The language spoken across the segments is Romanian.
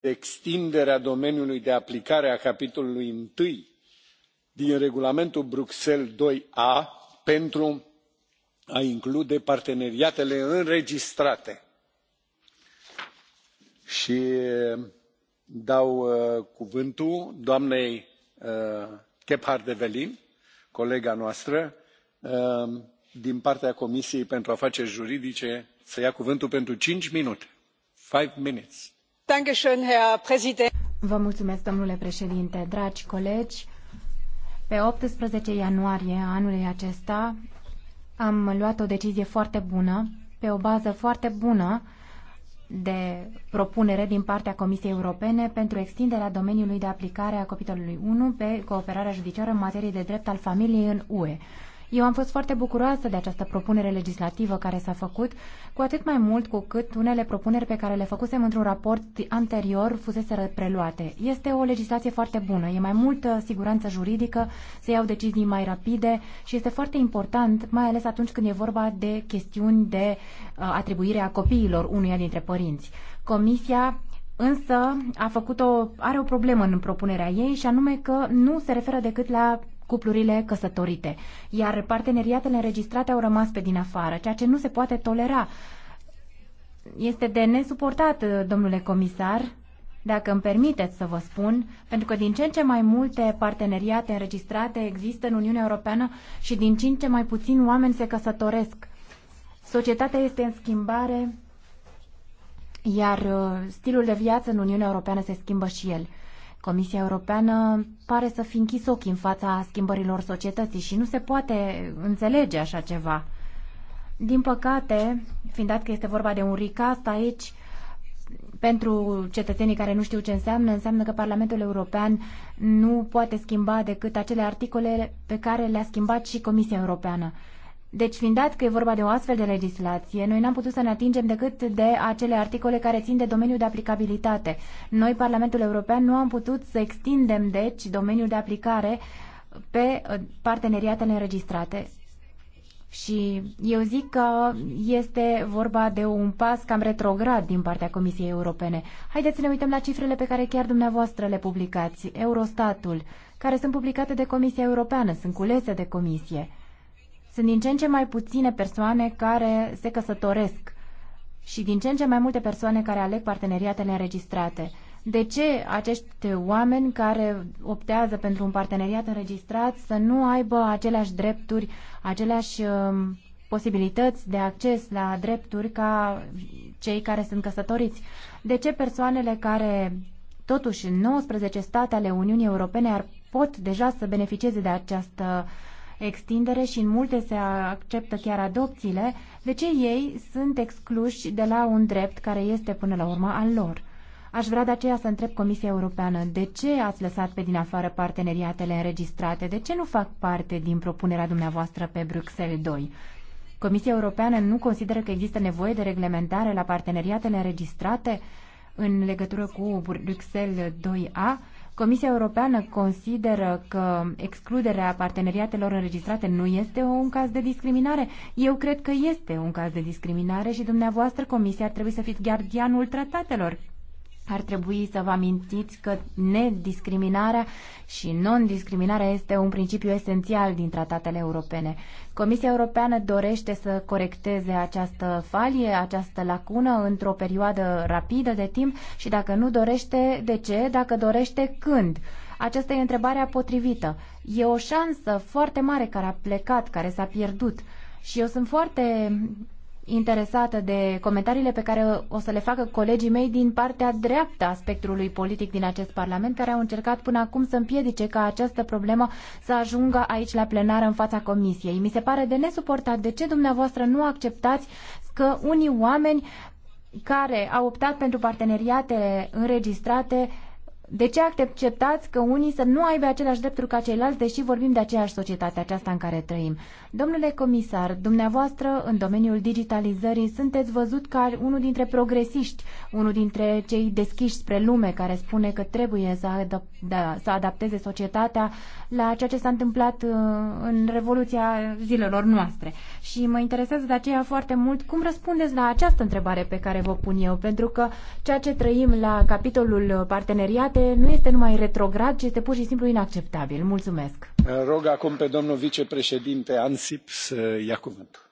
extinderea domeniului de aplicare a capitolului i din regulamentul bruxelles ii a pentru a include parteneriatele înregistrate și uh, dau uh, cuvântul doamnei uh, gebhardt evelyn colega noastră din partea comisiei pentru afaceri juridice să ia cuvântul pentru cinci minute. Five minutes. Vă mulțumesc, domnule președinte, dragi colegi. Pe optsprezece ianuarie anului acesta am luat o decizie foarte bună, pe o bază foarte bună de propunere din partea Comisiei Europene pentru extinderea domeniului de aplicare a capitolului 1 pe cooperarea judiciară în materie de drept al familiei în UE. Eu am fost foarte bucuroasă de această propunere legislativă care s-a făcut, cu atât mai mult cu cât unele propuneri pe care le făcusem într-un raport anterior fusese preluate. Este o legislație foarte bună, e mai multă siguranță juridică, se iau decizii mai rapide și este foarte important, mai ales atunci când e vorba de chestiuni de uh, atribuire a copiilor unuia dintre părinți. Comisia însă a făcut o, are o problemă în propunerea ei și anume că nu se referă decât la cuplurile căsătorite, iar parteneriatele înregistrate au rămas pe din afară, ceea ce nu se poate tolera. Este de nesuportat, domnule comisar, dacă îmi permiteți să vă spun, pentru că din ce în ce mai multe parteneriate înregistrate există în Uniunea Europeană și din ce în ce mai puțin oameni se căsătoresc. Societatea este în schimbare, iar uh, stilul de viață în Uniunea Europeană se schimbă și el. Comisia Europeană pare să fi închis ochii în fața schimbărilor societății și nu se poate înțelege așa ceva. Din păcate, fiind dat că este vorba de un ricast aici, pentru cetățenii care nu știu ce înseamnă, înseamnă că Parlamentul European nu poate schimba decât acele articole pe care le-a schimbat și Comisia Europeană. Deci, fiind dat că e vorba de o astfel de legislație, noi n-am putut să ne atingem decât de acele articole care țin de domeniul de aplicabilitate. Noi, Parlamentul European, nu am putut să extindem, deci, domeniul de aplicare pe uh, parteneriatele înregistrate. Și eu zic că este vorba de un pas cam retrograd din partea Comisiei Europene. Haideți să ne uităm la cifrele pe care chiar dumneavoastră le publicați, Eurostatul, care sunt publicate de Comisia Europeană, sunt culese de Comisie. Sunt din ce în ce mai puține persoane care se căsătoresc și din ce în ce mai multe persoane care aleg parteneriatele înregistrate. De ce acești oameni care optează pentru un parteneriat înregistrat să nu aibă aceleași drepturi, aceleași um, posibilități de acces la drepturi ca cei care sunt căsătoriți? De ce persoanele care totuși în 19 state ale Uniunii Europene ar pot deja să beneficieze de această uh, extindere și în multe se acceptă chiar adopțiile, de ce ei sunt excluși de la un drept care este până la urmă al lor? Aș vrea de aceea să întreb Comisia Europeană de ce ați lăsat pe din afară parteneriatele înregistrate, de ce nu fac parte din propunerea dumneavoastră pe Bruxelles 2? Comisia Europeană nu consideră că există nevoie de reglementare la parteneriatele înregistrate în legătură cu Bruxelles 2A? Comisia Europeană consideră că excluderea parteneriatelor înregistrate nu este un caz de discriminare? Eu cred că este un caz de discriminare și dumneavoastră, Comisia, ar trebui să fiți gardianul tratatelor ar trebui să vă amintiți că nediscriminarea și non-discriminarea este un principiu esențial din tratatele europene. Comisia Europeană dorește să corecteze această falie, această lacună într-o perioadă rapidă de timp și dacă nu dorește, de ce? Dacă dorește, când? Aceasta e întrebarea potrivită. E o șansă foarte mare care a plecat, care s-a pierdut. Și eu sunt foarte interesată de comentariile pe care o să le facă colegii mei din partea dreaptă a spectrului politic din acest Parlament, care au încercat până acum să împiedice ca această problemă să ajungă aici la plenară în fața Comisiei. Mi se pare de nesuportat de ce dumneavoastră nu acceptați că unii oameni care au optat pentru parteneriate înregistrate de ce acceptați că unii să nu aibă aceleași drepturi ca ceilalți, deși vorbim de aceeași societate, aceasta în care trăim? Domnule comisar, dumneavoastră, în domeniul digitalizării, sunteți văzut ca unul dintre progresiști, unul dintre cei deschiși spre lume, care spune că trebuie să, adap- da, să adapteze societatea la ceea ce s-a întâmplat uh, în revoluția zilelor noastre. Și mă interesează de aceea foarte mult cum răspundeți la această întrebare pe care vă pun eu, pentru că ceea ce trăim la capitolul uh, parteneriate este, nu este numai retrograd, ci este pur și simplu inacceptabil. Mulțumesc. Rog acum pe domnul vicepreședinte Ansip să ia cuvântul.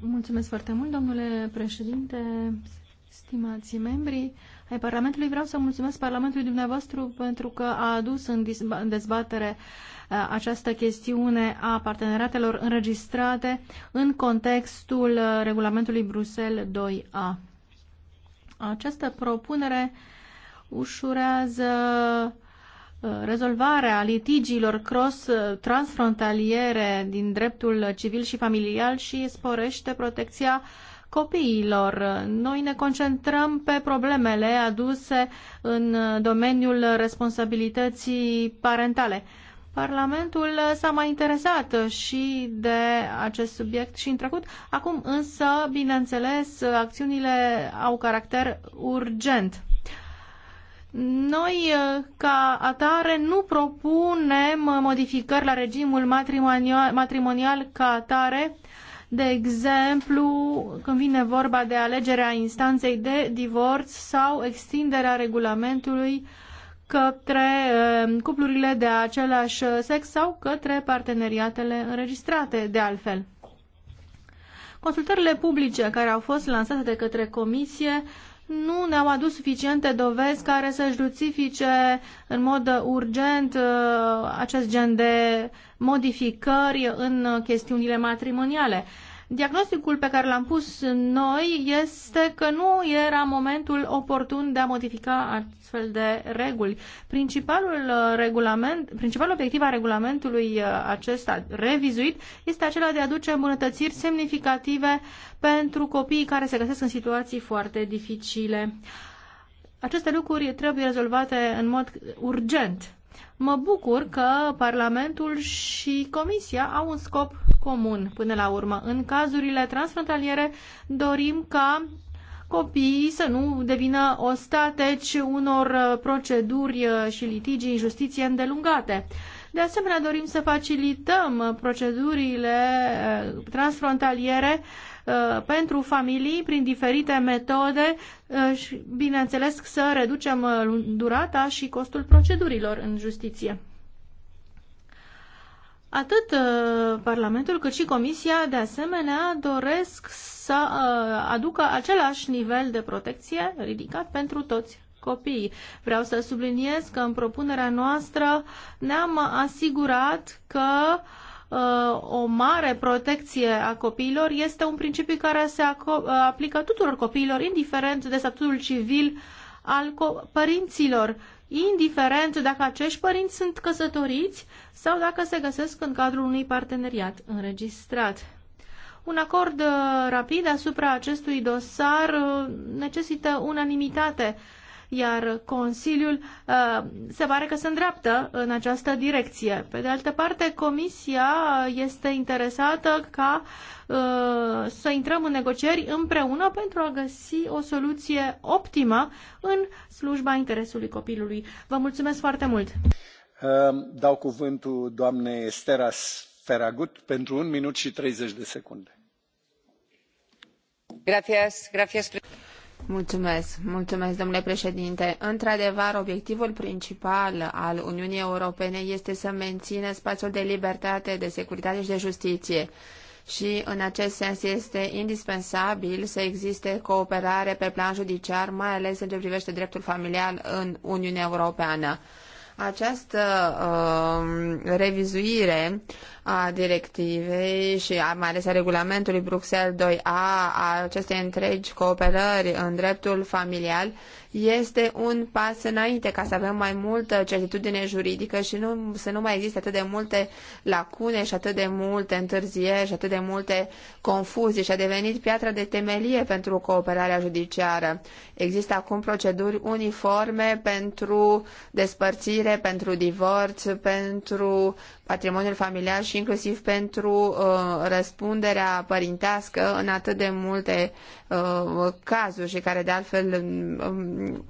Mulțumesc foarte mult, domnule președinte, stimați membri ai Parlamentului. Vreau să mulțumesc Parlamentului dumneavoastră pentru că a adus în dezbatere această chestiune a parteneratelor înregistrate în contextul regulamentului Bruxelles 2A. Această propunere ușurează rezolvarea litigiilor cross-transfrontaliere din dreptul civil și familial și sporește protecția copiilor. Noi ne concentrăm pe problemele aduse în domeniul responsabilității parentale. Parlamentul s-a mai interesat și de acest subiect și în trecut. Acum însă, bineînțeles, acțiunile au caracter urgent. Noi, ca atare, nu propunem modificări la regimul matrimonial, matrimonial ca atare de exemplu când vine vorba de alegerea instanței de divorț sau extinderea regulamentului către eh, cuplurile de același sex sau către parteneriatele înregistrate de altfel. Consultările publice care au fost lansate de către comisie nu ne-au adus suficiente dovezi care să justifice în mod urgent uh, acest gen de modificări în chestiunile matrimoniale. Diagnosticul pe care l-am pus noi este că nu era momentul oportun de a modifica astfel de reguli. Principalul, uh, regulament, principalul obiectiv al regulamentului uh, acesta revizuit este acela de a aduce îmbunătățiri semnificative pentru copiii care se găsesc în situații foarte dificile. Aceste lucruri trebuie rezolvate în mod urgent. Mă bucur că Parlamentul și Comisia au un scop comun până la urmă. În cazurile transfrontaliere dorim ca copiii să nu devină ostateci unor uh, proceduri uh, și litigii în justiție îndelungate. De asemenea, dorim să facilităm uh, procedurile transfrontaliere pentru familii prin diferite metode și, bineînțeles, să reducem durata și costul procedurilor în justiție. Atât uh, Parlamentul cât și Comisia, de asemenea, doresc să uh, aducă același nivel de protecție ridicat pentru toți copiii. Vreau să subliniez că în propunerea noastră ne-am asigurat că uh, o mare protecție a copiilor este un principiu care se aplică tuturor copiilor, indiferent de statutul civil al părinților indiferent dacă acești părinți sunt căsătoriți sau dacă se găsesc în cadrul unui parteneriat înregistrat. Un acord uh, rapid asupra acestui dosar uh, necesită unanimitate iar Consiliul uh, se pare că se îndreaptă în această direcție. Pe de altă parte, Comisia este interesată ca uh, să intrăm în negocieri împreună pentru a găsi o soluție optimă în slujba interesului copilului. Vă mulțumesc foarte mult! Um, dau cuvântul doamnei Steras Feragut pentru un minut și 30 de secunde. Gracias, gracias. Mulțumesc, mulțumesc, domnule președinte. Într-adevăr, obiectivul principal al Uniunii Europene este să mențină spațiul de libertate, de securitate și de justiție. Și în acest sens este indispensabil să existe cooperare pe plan judiciar, mai ales în ce privește dreptul familial în Uniunea Europeană. Această uh, revizuire a directivei și a, mai ales a regulamentului Bruxelles 2A, a acestei întregi cooperări în dreptul familial, este un pas înainte ca să avem mai multă certitudine juridică și nu, să nu mai existe atât de multe lacune și atât de multe întârzieri și atât de multe confuzii și a devenit piatra de temelie pentru cooperarea judiciară. Există acum proceduri uniforme pentru despărțire, pentru divorț, pentru patrimoniul familial și inclusiv pentru uh, răspunderea părintească în atât de multe uh, cazuri și care de altfel um, um,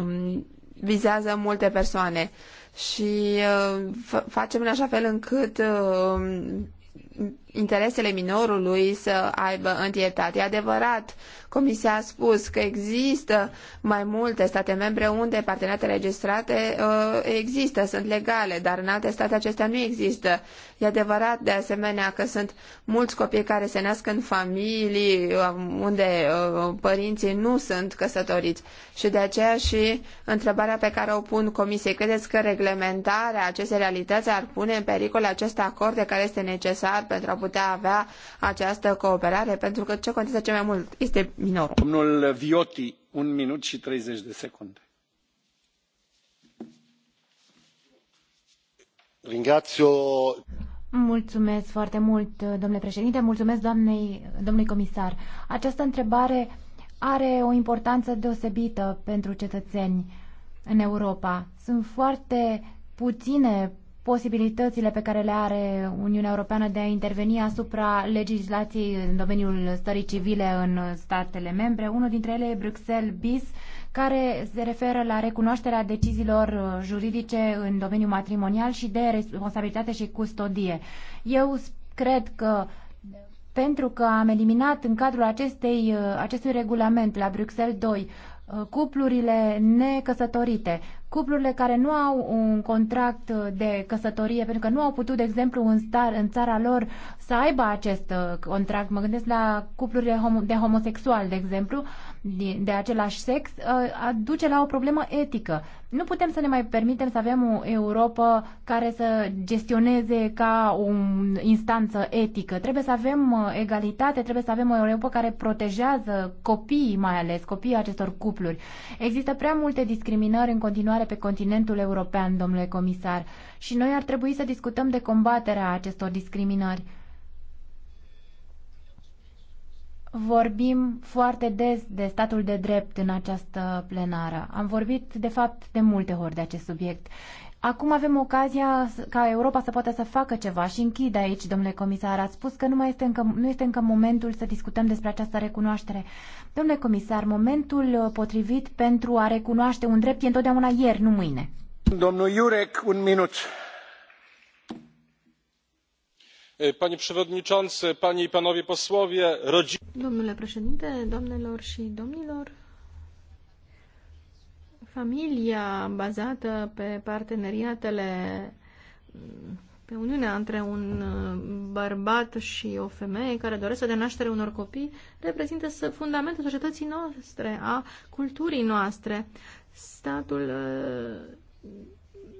um vizează multe persoane. Și uh, facem în așa fel încât uh, interesele minorului să aibă întietate. E adevărat, Comisia a spus că există mai multe state membre unde parteneriate registrate uh, există, sunt legale, dar în alte state acestea nu există. E adevărat, de asemenea, că sunt mulți copii care se nasc în familii um, unde uh, părinții nu sunt căsătoriți. Și de aceea și întrebarea pe care o pun Comisiei, credeți că reglementarea acestei realități ar pune în pericol acest acord de care este necesar pentru a putea avea această cooperare, pentru că ce contează cel mai mult este minorul. Domnul Vioti, un minut și treizeci de secunde. Mulțumesc foarte mult, domnule președinte, mulțumesc doamnei, domnului comisar. Această întrebare are o importanță deosebită pentru cetățeni în Europa. Sunt foarte puține posibilitățile pe care le are Uniunea Europeană de a interveni asupra legislației în domeniul stării civile în statele membre. Unul dintre ele e Bruxelles bis, care se referă la recunoașterea deciziilor juridice în domeniul matrimonial și de responsabilitate și custodie. Eu cred că pentru că am eliminat în cadrul acestei, acestui regulament la Bruxelles 2 cuplurile necăsătorite, cuplurile care nu au un contract de căsătorie, pentru că nu au putut, de exemplu, în, star, în țara lor să aibă acest uh, contract, mă gândesc la cuplurile de homosexual, de exemplu, de același sex uh, duce la o problemă etică. Nu putem să ne mai permitem să avem o Europa care să gestioneze ca o instanță etică. Trebuie să avem uh, egalitate, trebuie să avem o Europa care protejează copiii, mai ales copiii acestor cupluri. Există prea multe discriminări în continuare pe continentul european, domnule comisar, și noi ar trebui să discutăm de combaterea acestor discriminări. Vorbim foarte des de statul de drept în această plenară. Am vorbit, de fapt, de multe ori de acest subiect. Acum avem ocazia ca Europa să poată să facă ceva și închid aici, domnule comisar. Ați spus că nu, mai este încă, nu este încă momentul să discutăm despre această recunoaștere. Domnule comisar, momentul potrivit pentru a recunoaște un drept e întotdeauna ieri, nu mâine. Domnul Iurec, un minut domnule președinte doamnelor și domnilor familia bazată pe parteneriatele pe uniunea între un bărbat și o femeie care doresc să dea naștere unor copii reprezintă fundamentul societății noastre, a culturii noastre. Statul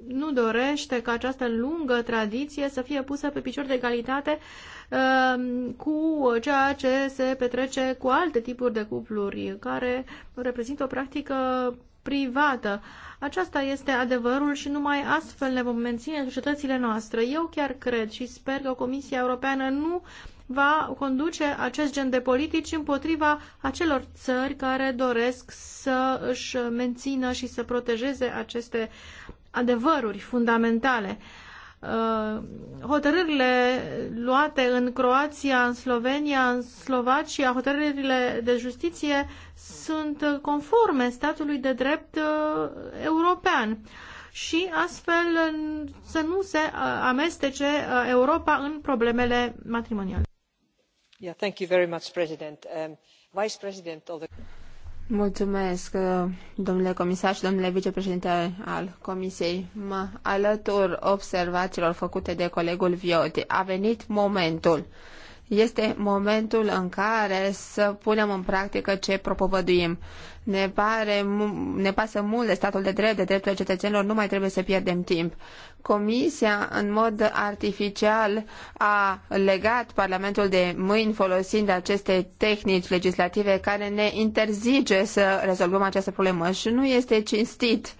nu dorește ca această lungă tradiție să fie pusă pe picior de egalitate um, cu ceea ce se petrece cu alte tipuri de cupluri, care reprezintă o practică privată. Aceasta este adevărul și numai astfel ne vom menține societățile noastre. Eu chiar cred și sper că Comisia Europeană nu va conduce acest gen de politici împotriva acelor țări care doresc să își mențină și să protejeze aceste adevăruri fundamentale. Uh, hotărârile luate în Croația, în Slovenia, în Slovacia, hotărârile de justiție sunt conforme statului de drept uh, european și astfel să nu se uh, amestece Europa în problemele matrimoniale. Yeah, thank you very much, President. Um, Vice President of the Mulțumesc, domnule comisar și domnule vicepreședinte al Comisiei. Mă alătur observațiilor făcute de colegul Vioti. A venit momentul este momentul în care să punem în practică ce propovăduim. Ne, pare, ne pasă mult de statul de drept, de drepturile cetățenilor, nu mai trebuie să pierdem timp. Comisia, în mod artificial, a legat Parlamentul de mâini folosind aceste tehnici legislative care ne interzice să rezolvăm această problemă și nu este cinstit.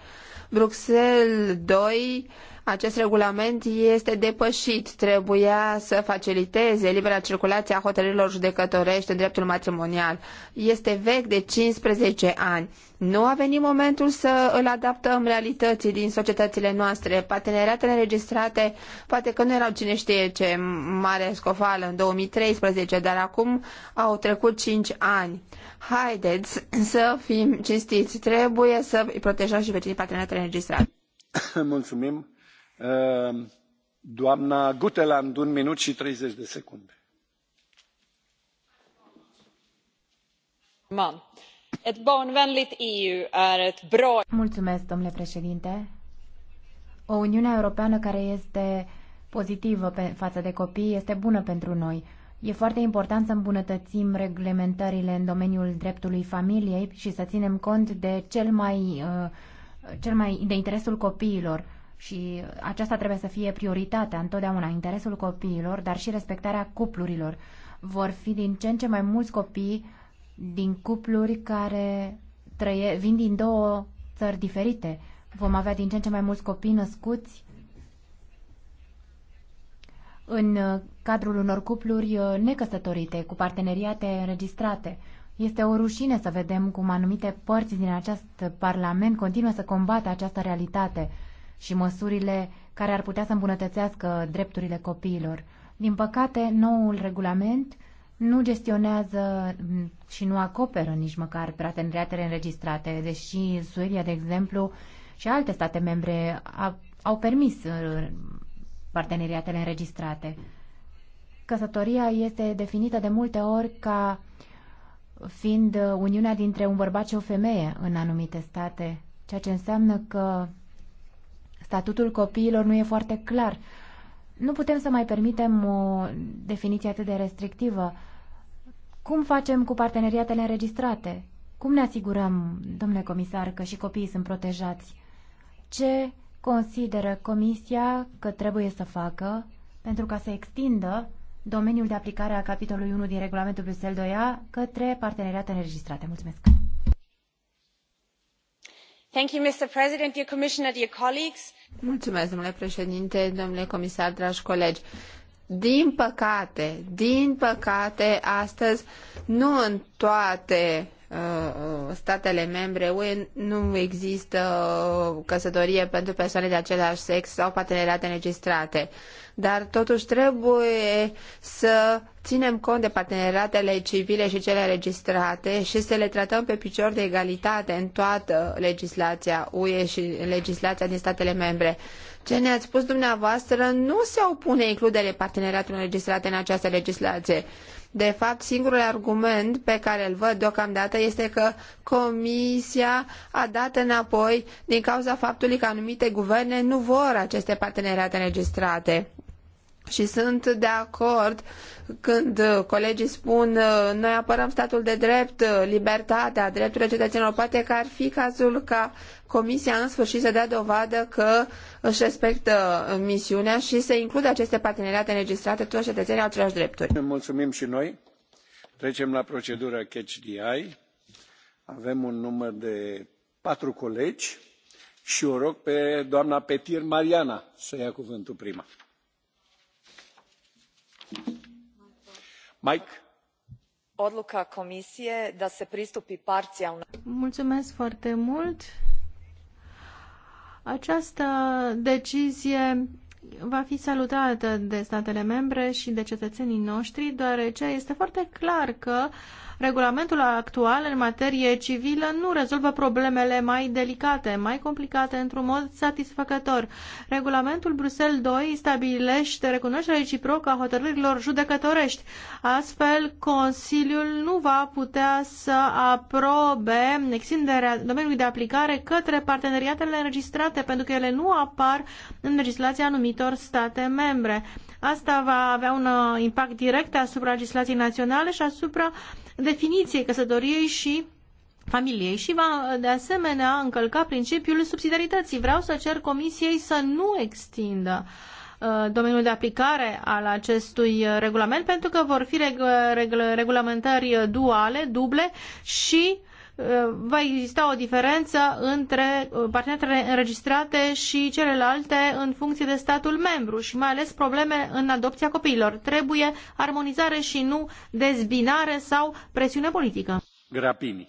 Bruxelles 2 acest regulament este depășit. Trebuia să faciliteze libera circulație a hotărârilor judecătorești în dreptul matrimonial. Este vechi de 15 ani. Nu a venit momentul să îl adaptăm realității din societățile noastre. Parteneriatele înregistrate poate că nu erau cine știe ce mare scofală în 2013, dar acum au trecut 5 ani. Haideți să fim cinstiți. Trebuie să îi protejăm și pe cei parteneriatele înregistrate. Mulțumim Ehm, doamna guteland un minut și treizeci de secunde. Mulțumesc, domnule președinte o uniune europeană care este pozitivă față de copii este bună pentru noi. E foarte important să îmbunătățim reglementările în domeniul dreptului familiei și să ținem cont de cel mai, uh, cel mai de interesul copiilor și aceasta trebuie să fie prioritatea întotdeauna, interesul copiilor, dar și respectarea cuplurilor. Vor fi din ce în ce mai mulți copii din cupluri care trăie, vin din două țări diferite. Vom avea din ce în ce mai mulți copii născuți în cadrul unor cupluri uh, necăsătorite, cu parteneriate înregistrate. Este o rușine să vedem cum anumite părți din acest Parlament continuă să combată această realitate și măsurile care ar putea să îmbunătățească drepturile copiilor. Din păcate, noul regulament nu gestionează și nu acoperă nici măcar parteneriatele înregistrate, deși Suedia, de exemplu, și alte state membre au permis uh, parteneriatele înregistrate. Căsătoria este definită de multe ori ca fiind uniunea dintre un bărbat și o femeie în anumite state, ceea ce înseamnă că Statutul copiilor nu e foarte clar. Nu putem să mai permitem o definiție atât de restrictivă. Cum facem cu parteneriatele înregistrate? Cum ne asigurăm, domnule comisar, că și copiii sunt protejați? Ce consideră Comisia că trebuie să facă pentru ca să extindă domeniul de aplicare a capitolului 1 din regulamentul Bruxelles 2A către parteneriate înregistrate? Mulțumesc! Mulțumesc, domnule președinte, domnule comisar, dragi colegi. Din păcate, din păcate, astăzi nu în toate Uh, statele membre UE nu există căsătorie pentru persoane de același sex sau parteneriate înregistrate. Dar totuși trebuie să ținem cont de parteneriatele civile și cele înregistrate și să le tratăm pe picior de egalitate în toată legislația UE și legislația din statele membre. Ce ne-ați spus dumneavoastră nu se opune includerii parteneriatelor înregistrate în această legislație. De fapt, singurul argument pe care îl văd deocamdată este că Comisia a dat înapoi din cauza faptului că anumite guverne nu vor aceste parteneriate înregistrate. Și sunt de acord când colegii spun noi apărăm statul de drept, libertatea, drepturile cetățenilor, poate că ar fi cazul ca Comisia în sfârșit să dea dovadă că își respectă misiunea și să includă aceste parteneriate înregistrate toți cetățenii au aceleași drepturi. Mulțumim și noi. Trecem la procedura Catch Avem un număr de patru colegi și o rog pe doamna Petir Mariana să ia cuvântul prima. Mike odluka komisije da se pristupi parcijalno. Mulțumesc foarte mult. Această decizie va fi salutată de statele membre și de cetățenii noștri, deoarece este foarte clar că uh, Regulamentul actual în materie civilă nu rezolvă problemele mai delicate, mai complicate într-un mod satisfăcător. Regulamentul Bruxelles II stabilește recunoașterea reciprocă a hotărârilor judecătorești. Astfel, Consiliul nu va putea să aprobe extinderea domeniului de aplicare către parteneriatele înregistrate, pentru că ele nu apar în legislația anumitor state membre. Asta va avea un uh, impact direct asupra legislației naționale și asupra uh, definiției căsătoriei și familiei și va de asemenea încălca principiul subsidiarității. Vreau să cer comisiei să nu extindă uh, domeniul de aplicare al acestui uh, regulament pentru că vor fi reg reg reglementări duale, duble și Uh, va exista o diferență între uh, partenerele înregistrate și celelalte în funcție de statul membru și mai ales probleme în adopția copiilor. Trebuie armonizare și nu dezbinare sau presiune politică. Grapini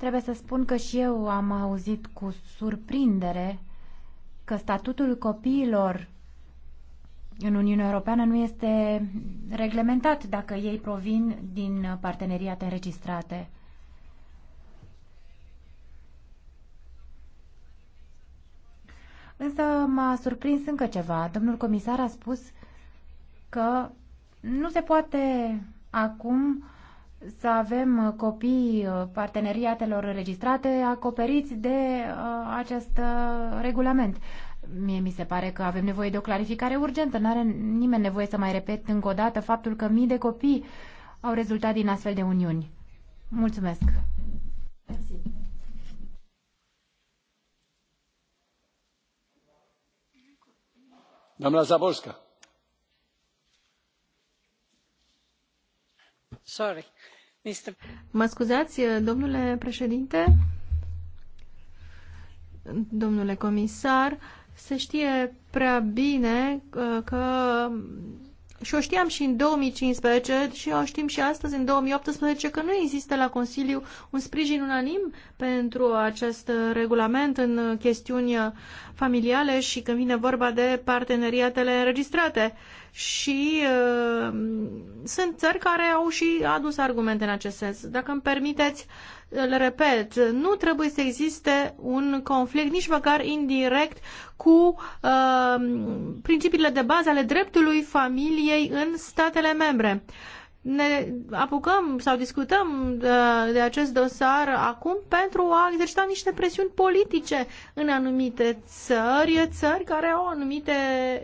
Trebuie să spun că și eu am auzit cu surprindere că statutul copiilor în Uniunea Europeană nu este reglementat dacă ei provin din parteneriate înregistrate. Însă m-a surprins încă ceva. Domnul comisar a spus că nu se poate acum uh, să avem uh, copii uh, parteneriatelor înregistrate acoperiți de uh, acest regulament. Mie mi se pare că avem nevoie de o clarificare urgentă. Nu are nimeni nevoie să mai repet încă o dată faptul că mii de copii au rezultat din astfel de uniuni. Mulțumesc! Merci. Doamna Zaborska. Sorry Mă scuzați, domnule președinte, domnule comisar, se știe prea bine uh, că și o știam și în 2015 și o știm și astăzi, în 2018, că nu există la Consiliu un sprijin unanim pentru acest regulament în chestiuni familiale și când vine vorba de parteneriatele înregistrate. Și uh, sunt țări care au și adus argumente în acest sens. Dacă îmi permiteți, uh, îl repet, nu trebuie să existe un conflict nici măcar indirect cu uh, principiile de bază ale dreptului familiei în statele membre. Ne apucăm sau discutăm de, uh, de acest dosar acum pentru a exercita niște presiuni politice în anumite țări, țări care au anumite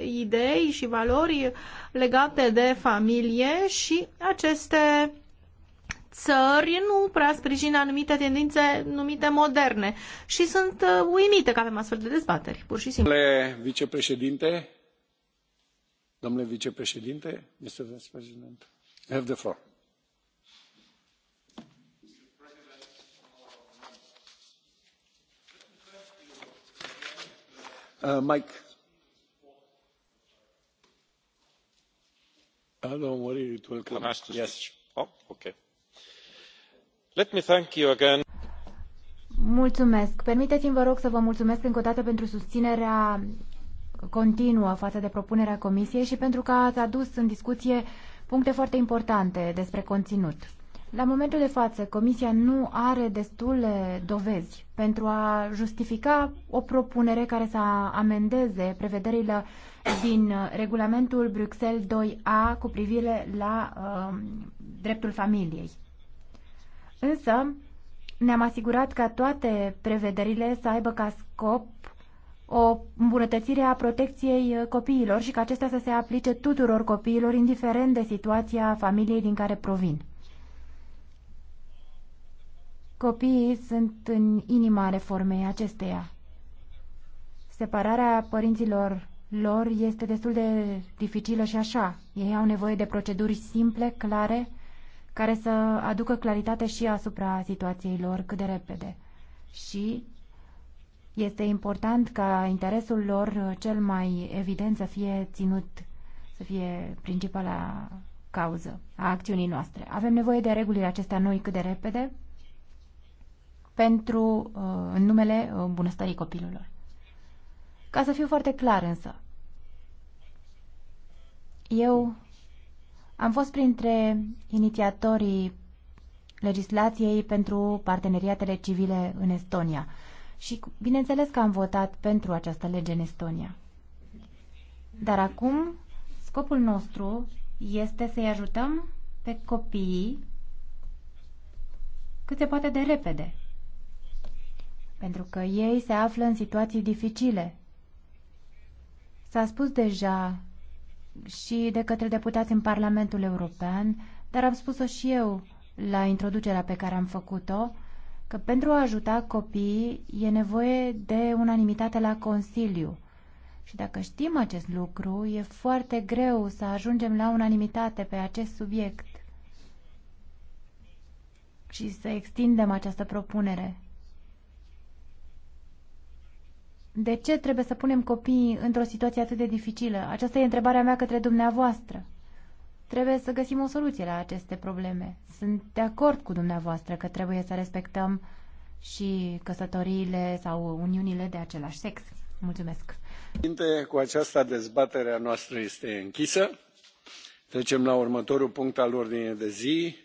idei și valori legate de familie și aceste uh, țări nu prea sprijină anumite tendințe numite moderne și sunt uh, uimite că avem astfel de dezbateri, pur și simplu. Domnule vicepreședinte, domnule vicepreședinte, Mr. Vice President, have the floor. Uh, Mike. Uh, don't worry, it will come. Yes. Oh, okay. Mulțumesc. Permiteți-mi, vă rog, să vă mulțumesc încă o dată pentru susținerea continuă față de propunerea Comisiei și pentru că ați adus în discuție puncte foarte importante despre conținut. La momentul de față, Comisia nu are destule dovezi pentru a justifica o propunere care să amendeze prevederile din uh, regulamentul Bruxelles 2A cu privire la uh, dreptul familiei. Însă ne-am asigurat ca toate prevederile să aibă ca scop o îmbunătățire a protecției copiilor și ca acestea să se aplice tuturor copiilor, indiferent de situația familiei din care provin. Copiii sunt în inima reformei acesteia. Separarea părinților lor este destul de dificilă și așa. Ei au nevoie de proceduri simple, clare care să aducă claritate și asupra situației lor cât de repede. Și este important ca interesul lor cel mai evident să fie ținut, să fie principala cauză a acțiunii noastre. Avem nevoie de regulile acestea noi cât de repede pentru uh, în numele uh, bunăstării copilului. Ca să fiu foarte clar însă, eu am fost printre inițiatorii legislației pentru parteneriatele civile în Estonia și bineînțeles că am votat pentru această lege în Estonia. Dar acum scopul nostru este să-i ajutăm pe copiii cât se poate de repede, pentru că ei se află în situații dificile. S-a spus deja și de către deputați în Parlamentul European, dar am spus-o și eu la introducerea pe care am făcut-o, că pentru a ajuta copiii e nevoie de unanimitate la Consiliu. Și dacă știm acest lucru, e foarte greu să ajungem la unanimitate pe acest subiect și să extindem această propunere. De ce trebuie să punem copiii într-o situație atât de dificilă? Aceasta e întrebarea mea către dumneavoastră. Trebuie să găsim o soluție la aceste probleme. Sunt de acord cu dumneavoastră că trebuie să respectăm și căsătoriile sau uniunile de același sex. Mulțumesc. Cu aceasta dezbaterea noastră este închisă. Trecem la următorul punct al ordinii de zi